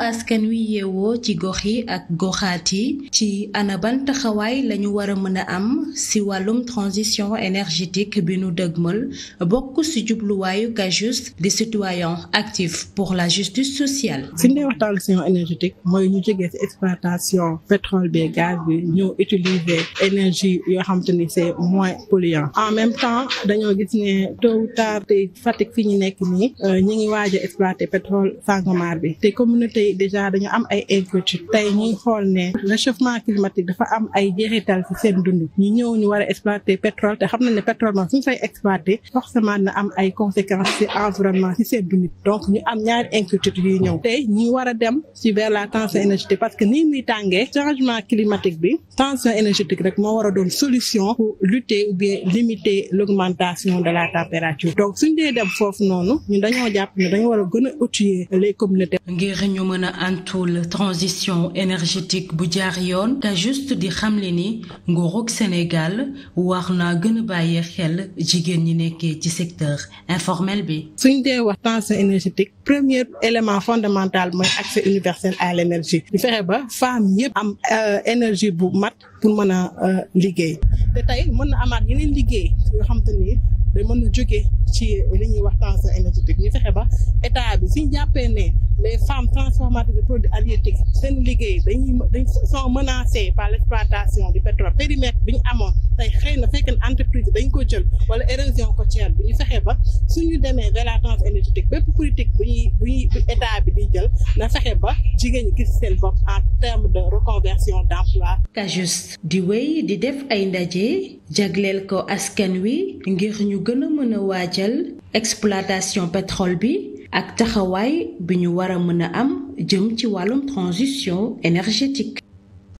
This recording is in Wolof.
askan wi yeewoo ci gox yi ak goxaat yi ci ana ban taxawaay la ñu war a mën a am si wàllum transition énergétique bi nu dëgmal bokk si jubluwaayu CAJUST di citoyen actif pour la justice sociale. si ñu transition énergétique mooy ñu jógee si exploitation pétrole bi gaz bi ñoo utiliser énergie yoo xam te ni c'est moins polluant en même temps dañoo gis ne tôt ou te Fatick fi ñu nekk nii euh, ñu ngi waaj a exploiter pétrole Sangomar bi te communauté bëri déjà dañu am ay inquiétude tey ñuy xool ne réchauffement climatique dafa am ay jeexital ci seen dund ñu ñëw ñu war a exploiter pétrole te xam nañ ne pétrole moom suñu fay exploiter forcément na am ay conséquences ci environnement ci seen dund donc ñu am ñaari inquiétude yuy ñëw tey ñu war dem ci la tension énergétique parce que nii muy tàngee changement climatique bi tension énergétique rek moo war a doon solution pour lutter ou bien limiter l'augmentation de la température mën a antul transition énergétique bu jaar yoon te juste di xamle ni nguurug Sénégal war naa gën a bàyyi xel jigéen ñi nekkee ci secteur informel bi. suñ dee wax transition énergétique premier élément fondamental mooy accès universel à l' énergie fexe ba femmes yëpp am euh, énergie bu mat pour mën a euh, liggéey te tey mën na amaat yeneen liggéey yoo xam te ni mën na jóge ci li wax transition énergétique ñu fexe ba état bi suñ jàppee ne. les femmes transformatrices de produits halieutiques seen liggéey dañuy dañ sont menacées par l' exploitation du pétrole périmètre bi ñu amoon tey xëy na fekk na entreprise dañ ko jël wala érosion côtière bu ñu fexee ba suñu demee vers la transition énergétique bépp politique bu ñuy bu ñuy état bi di jël na fexe ba jigéen ñi gis seen bopp en terme de reconversion d' emploi kajus di wéy di def ay ndaje jagleel ko askan wi ngir ñu gën a mën a waajal exploitation pétrole bi ak taxawaay bi ñu war a mën a am jëm ci wàllum transition énergétique